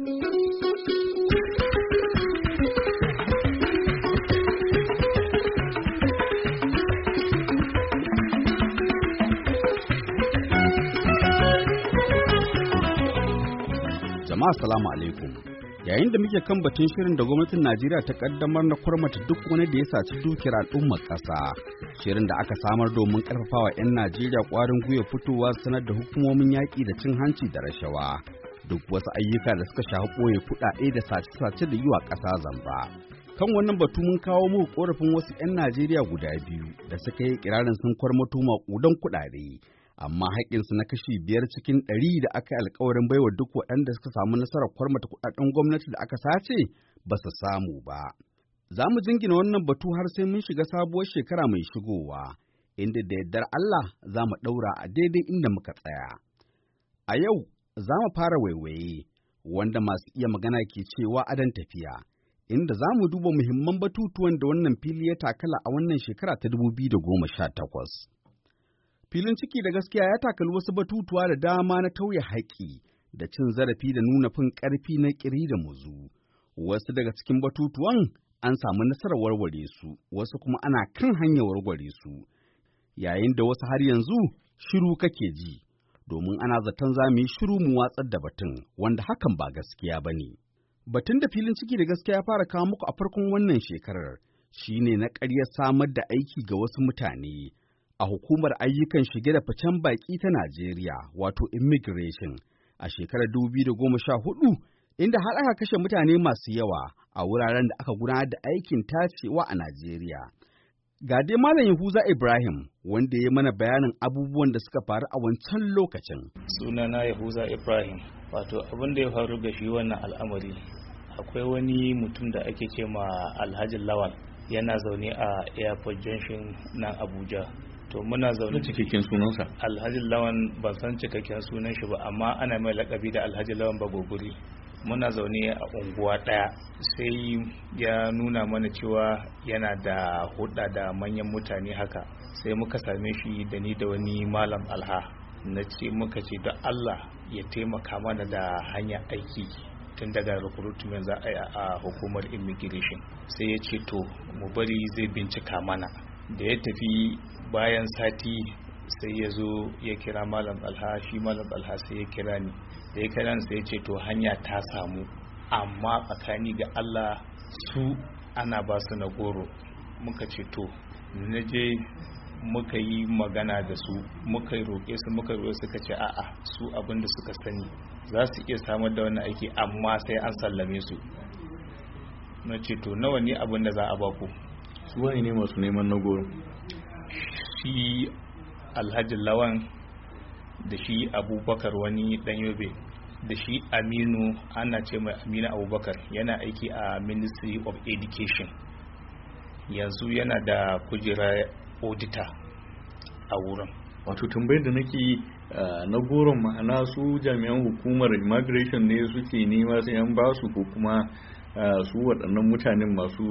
Jama'a alaikum. Yayin da muke kan batun shirin da gwamnatin Najeriya ta kaddamar na kurmata duk wani da ya saci dukiyar al'ummar ƙasa. Shirin da aka samar domin ƙarfafawa 'yan Najeriya ƙwarin gwiwa fitowa sanar da hukumomin yaƙi da cin hanci da rashawa. duk wasu ayyuka da suka shafi ɓoye kuɗaɗe da sace-sace da yiwa ƙasa zamba. Kan wannan batu mun kawo muku ƙorafin wasu 'yan Najeriya guda biyu da suka yi kirarin sun kwarmato maƙudan kuɗaɗe, amma haƙƙinsu na kashi biyar cikin ɗari da aka yi alkawarin baiwa duk waɗanda suka samu nasarar kwarmata kuɗaɗen gwamnati da aka sace ba su samu ba. Za mu jingina wannan batu har sai mun shiga sabuwar shekara mai shigowa, inda da yardar Allah za mu ɗaura a daidai inda muka tsaya. A yau za mu fara waiwaye wanda masu iya magana ke cewa adon tafiya, inda za mu duba muhimman batutuwan da wannan fili ya takala a wannan shekara ta 2018. Filin ciki da gaskiya ya takali wasu batutuwa da dama na tauye haƙƙi da cin zarafi da nuna fin ƙarfi na ƙiri da muzu. Wasu daga cikin batutuwan an samu nasarar warware su, wasu kuma ana kan hanyar warware su, yayin da wasu har yanzu shiru kake ji. domin ana zaton za mu yi shiru mu watsar da batun wanda hakan ba gaskiya ba ne. Batun da filin ciki da gaskiya ya fara kawo muku a farkon wannan shekarar shi ne na ƙarya samar da aiki ga wasu mutane a hukumar ayyukan shige da facen baƙi ta Najeriya wato immigration a shekarar da goma sha hudu, inda har aka kashe mutane masu yawa a wuraren da aka gudanar da aikin tacewa a Najeriya. Ga dai Malam Yahuza Ibrahim wanda ya mana bayanin abubuwan da suka faru a wancan lokacin. Sunana Yahuza Ibrahim, wato abin da ya faru ga shi wannan al'amari. Akwai wani mutum da ake ce ma Alhaji Lawal yana zaune a Airport Junction nan Abuja. To muna zaune cikakken sunansa. Alhaji Lawan ban san cikakken sunan shi ba amma ana mai lakabi da Alhaji Lawan Bagoguri. muna zaune a unguwa ɗaya sai ya nuna mana cewa yana da hudda da manyan mutane haka sai muka same shi da ni da wani malam alha na ce muka ce da allah ya taimaka mana da hanya aiki tun daga recruitment za a yi a hukumar immigration sai ya ce to mu bari zai bincika mana da ya tafi bayan sati sai ya zo ya kira malam ɗalha shi malam ɗalha sai ya kira ni da ya kira ni sai ya ce to hanya ta samu amma tsakani ga allah su ana ba su na goro muka ce to na je muka yi magana da su muka roƙe su muka roƙe suka ce a'a su abin da suka sani za su iya samar da wani aiki amma sai an sallame su na ce to nawa ne abin da za a ku. su wani ne masu neman na goro shi alhaji lawan da shi abubakar wani dan yobe da shi aminu ana ce mai aminu abubakar yana aiki a ministry of education yanzu yana da kujera auditor a wurin wato tambayar da nake na goron ma'ana su jami'an hukumar immigration ne suke nema sai an ba su ko kuma su waɗannan mutanen masu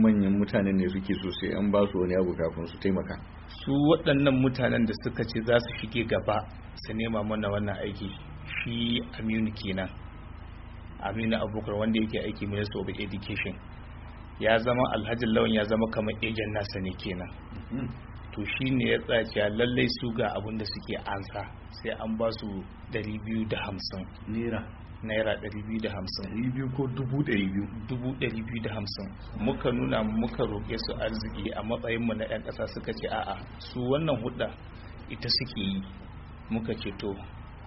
manyan mutanen ne suke sosai, 'yan an ba su wani abu kafin su taimaka su waɗannan mutanen da suka ce za su shige gaba su nema mana wannan aiki shi aminu kenan aminu abubakar wanda yake aiki minister of education ya zama alhajin lawan ya zama kamar ejen nasa ne kenan to shi ne ya a lallai su ga abin da suke ansa sai an ba su 250 naira naira 250 ko 250 muka nuna muka roƙe su arziki a matsayinmu na 'yan ƙasa suka ce a'a su wannan hudda ita suke yi muka ce to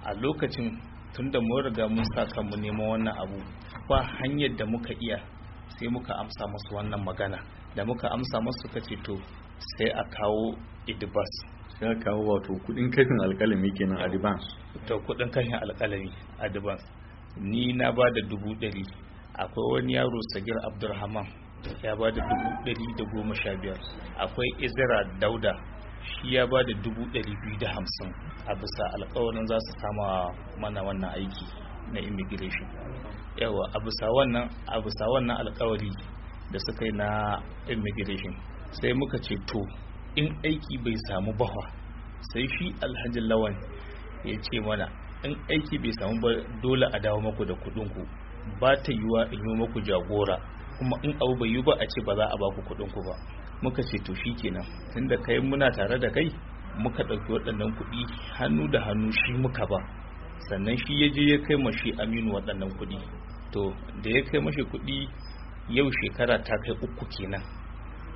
a lokacin tunda mun riga mun sa mu neman wannan abu ba hanyar da muka iya sai muka amsa masu wannan magana da muka amsa masu suka ce to sai a kawo idibas sai a kawo wato kudin kashin alkalami kenan advance to kudin kashin alkalami advance ni na ba da dubu ɗari akwai wani yaro sagir abdulrahman ya ba da dubu ɗari da goma sha biyar akwai izira dauda shi ya ba da dubu ɗari biyu da hamsin a bisa alkawarin za su kama mana wannan aiki na immigration yawa a bisa wannan a bisa wannan alkawari da suka yi na immigration sai muka ce to in aiki bai samu bahwa sai shi alhaji lawan ya ce mana in aiki bai samu ba dole a dawo maku da kuɗin ku ba ta yiwa in yi maku jagora kuma in abu bai yi ba a ce ba za a baku kuɗin ku ba muka ce to shikenan tunda kai muna tare da kai muka ɗauki waɗannan kuɗi hannu da hannu shi muka ba sannan shi ya je ya kai ma shi aminu waɗannan kuɗi to da ya kai mashi kuɗi yau shekara ta kai uku kenan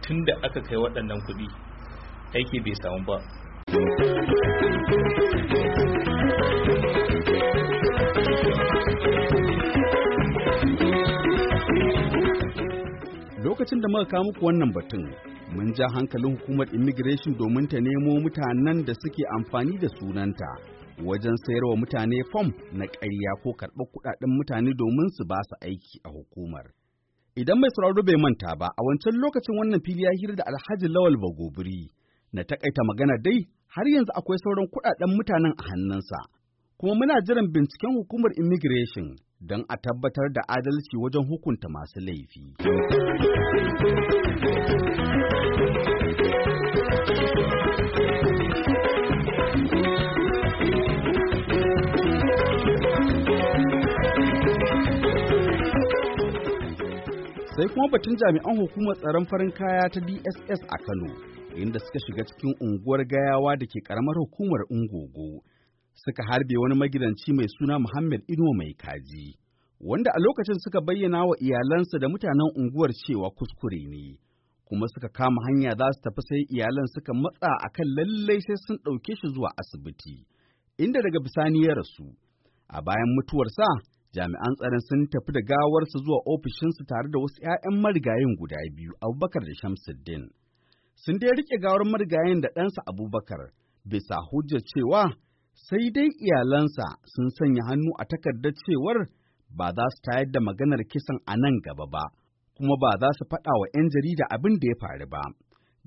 tunda aka kai waɗannan kuɗi aiki bai samu ba Lokacin da muka kawo muku wannan batun, mun ja hankalin hukumar immigration domin ta nemo mutanen da suke amfani da sunanta wajen sayarwa mutane fom na ƙarya ko karɓar kuɗaɗen mutane domin su ba su aiki a hukumar. Idan mai sauraro bai manta ba, a wancan lokacin wannan fili ya hira da Alhaji Lawal Bagobiri na taƙaita magana dai har yanzu akwai sauran kuɗaɗen mutanen a hannunsa kuma muna jiran binciken hukumar immigration don a tabbatar da adalci wajen hukunta masu laifi. sai kuma batun jami'an hukumar tsaron farin kaya ta DSS a Kano, inda suka shiga cikin unguwar gayawa da ke karamar hukumar Ungogo. suka harbe wani magidanci mai suna Muhammad Ino mai kaji, wanda a lokacin suka bayyana wa iyalansa da mutanen unguwar cewa kuskure ne, kuma suka kama hanya za su tafi sai iyalan suka matsa a kan lallai sai sun ɗauke shi zuwa asibiti, inda daga bisani ya rasu. A bayan mutuwarsa, jami'an tsaron sun tafi da gawarsa zuwa ofishinsu tare da wasu 'ya'yan marigayin guda biyu, Abubakar da Shamsuddin. Sun dai rike gawar marigayin da ɗansa Abubakar, bisa hujjar cewa sai dai iyalansa sun sanya hannu a takardar cewar ba za su tayar da maganar kisan a nan gaba ba, kuma ba za su faɗa wa 'yan jarida abin da ya faru ba.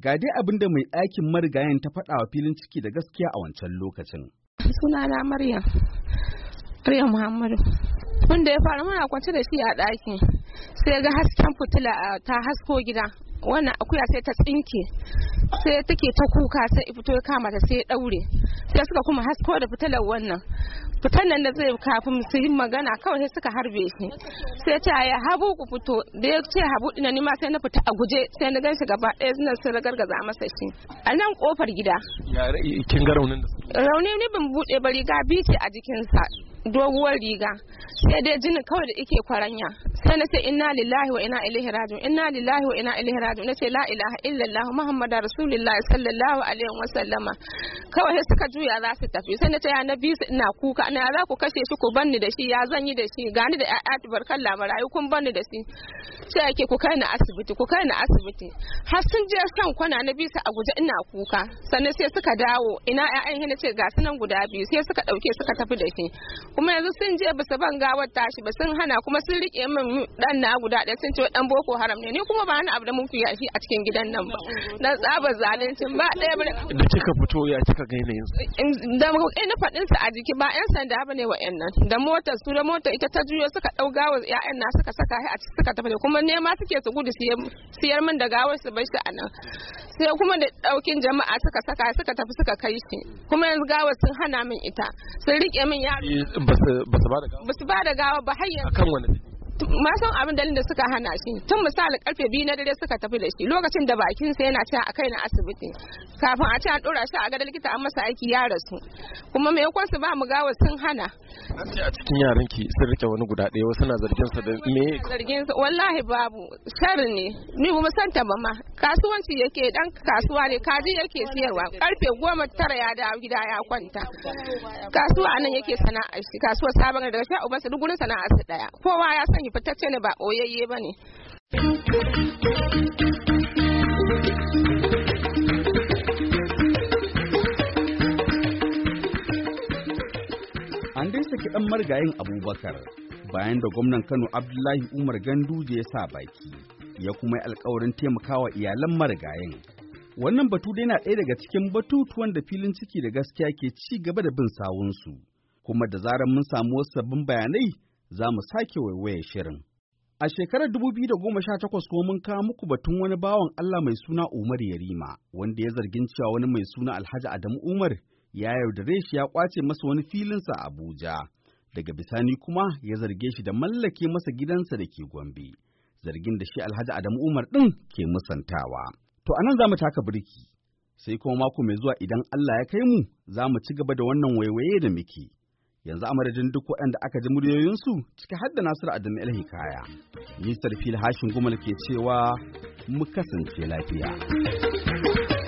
Ga dai abin da mai ɗakin marigayen ta faɗa wa filin ciki da gaskiya a wancan lokacin. Sunana Maryam, Maryam Muhammadu. Wanda ya faru muna kwance da shi a ɗakin, sai ga hasken fitila ta hasko gida. wannan akuya sai ta tsinke sai take ta kuka sai fito ya kama ta sai ya daure sai suka kuma hasko da fitalar wannan fitan nan da zai kafin su yi magana kawai sai suka harbe shi sai ta ya habu ku fito da ya ce habu dinan ni ma sai na fita a guje sai na ganshi gaba ɗaya sunan sun ragargaza masa shi a nan kofar gida kin ga raunin da rauni ne ban bude ba riga bice a jikinsa doguwar riga sai dai jinin kawai da yake kwaranya sai na ce inna lillahi wa ina ilaihi raji'un inna lillahi wa inna ilaihi raji'un ce la ilaha illallah muhammadar rasulullah sallallahu alaihi wa sallama kawai sai suka juya za su tafi sai na ce ya nabi ina kuka ina za ku kashe shi ku banni da shi ya zan yi da shi gani da ƴaƴa barkan lamarayu kun banni da shi sai yake ku kai ni asibiti ku kai ni asibiti har sun je san kwana na bisa a guje ina kuka sannan sai suka dawo ina ƴaƴan na ce ga su nan guda biyu sai suka dauke suka tafi da shi kuma yanzu sun je su ban gawar tashi ba sun hana kuma sun rike min dan na guda ɗaya sun ce dan boko haram ne ni kuma ba ni abu da mun fi yashi a cikin gidan nan ba dan tsaba zaluncin ba ɗaya ba da kika fito ya kika ga yanayin da ina eh, faɗin sa a jiki ba yan sanda bane wa'annan da mota su da motar ita ta juyo suka dau gawar ƴaƴan na suka saka a ciki suka tafi kuma nema suke su gudu siyar min da gawar su bar a nan sai kuma da ɗaukin jama'a suka saka suka tafi suka kai shi kuma yanzu gawar sun hana min ita sun riƙe min yaro eh, ba su ba da gawa ba har yanzu ma san abin dalilin da suka hana shi tun misali karfe biyu na dare suka tafi da shi lokacin da bakin sa yana cewa a kai na asibiti kafin a ce an dora shi a gadar likita an masa aiki ya rasu kuma maimakon su ba mu gawa sun hana an ce a cikin yaran ki sun rike wani guda ɗaya wasu na zargin sa da me zargin sa wallahi babu sharri ne ni kuma san ta ma kasuwanci yake dan kasuwa ne kaji yake siyarwa karfe goma tara ya dawo gida ya kwanta kasuwa anan yake sana'a shi kasuwa sabon da shi ubansa duk gurin sana'a su daya kowa ya sanya shi fitacce ne ba oyayye ba ne. An dai saki ɗan marigayin Abubakar bayan da gwamnan Kano Abdullahi Umar Ganduje ya sa baki ya kuma yi alkawarin taimakawa iyalan marigayin. Wannan batu dai na ɗaya daga cikin batutuwan da filin ciki da gaskiya ke ci gaba da bin sawunsu, kuma da zarar mun samu wasu sabbin bayanai za mu sake waiwaye shirin. A shekarar dubu biyu da goma sha takwas kuma mun kawo muku batun wani bawan Allah mai suna Umar Yarima, wanda ya zargin cewa wani mai suna Alhaji Adamu Umar ya yaudare shi ya kwace masa wani filinsa a Abuja. Daga bisani kuma ya zarge shi da mallake masa gidansa da ke Gombe, zargin da shi Alhaji Adamu Umar ɗin ke musantawa. To anan za mu taka birki, sai kuma mako mai zuwa idan Allah ya kai mu za mu ci gaba da wannan waiwaye da muke. yanzu a madadin duk waɗanda aka ji muryoyinsu ciki har da Nasiru Adamu El Hikaya. Ni Sarfil Hashin Gumal ke cewa mu kasance lafiya.